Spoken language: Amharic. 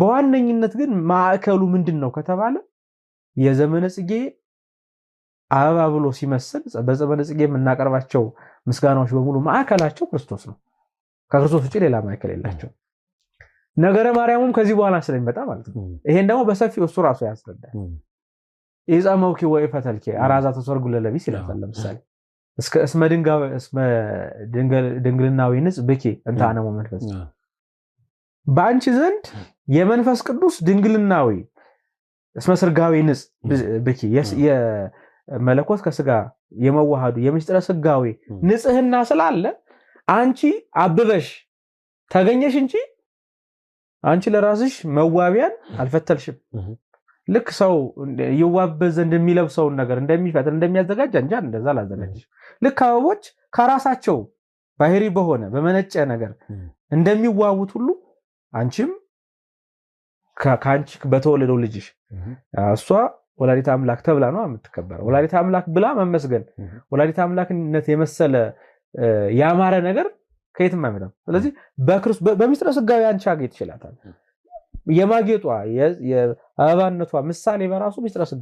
በዋነኝነት ግን ማዕከሉ ምንድን ነው ከተባለ የዘመነ ጽጌ አበባ ብሎ ሲመስል በዘመነ ጽጌ የምናቀርባቸው ምስጋናዎች በሙሉ ማዕከላቸው ክርስቶስ ነው። ከክርስቶስ ውጭ ሌላ ማዕከል የላቸው። ነገረ ማርያሙም ከዚህ በኋላ ስለሚመጣ ማለት ነው። ይሄን ደግሞ በሰፊው እሱ ራሱ ያስረዳል። ኢጸመውኪ ወይ ፈተልኪ አራዛ ተሰርጉ ለለቢስ ይላል። ለምሳሌ እስመ ድንግልናዊ ንጽ ብኬ እንታነሙ በአንቺ ዘንድ የመንፈስ ቅዱስ ድንግልናዊ እስመ ስርጋዊ ንጽ ብኪ የመለኮት ከስጋ የመዋሃዱ የምስጥረ ስጋዊ ንጽህና ስላለ አንቺ አብበሽ ተገኘሽ እንጂ አንቺ ለራስሽ መዋቢያን አልፈተልሽም። ልክ ሰው ይዋበዝ ዘንድ የሚለብሰውን ነገር እንደሚፈጥር እንደሚያዘጋጅ እንጂ እንደዛ ላዘጋጅ ልክ አበቦች ከራሳቸው ባህሪ በሆነ በመነጨ ነገር እንደሚዋቡት ሁሉ አንቺም ከአንቺ በተወለደው ልጅሽ እሷ ወላዲት አምላክ ተብላ ነው የምትከበረው። ወላዲት አምላክ ብላ መመስገን፣ ወላዲት አምላክነት የመሰለ ያማረ ነገር ከየትም አይመጣም። ስለዚህ በሚስጥረ ስጋዊ አንቺ አጌጥ ይችላታል። የማጌጧ የአበባነቷ ምሳሌ በራሱ ሚስጥረ ስጋ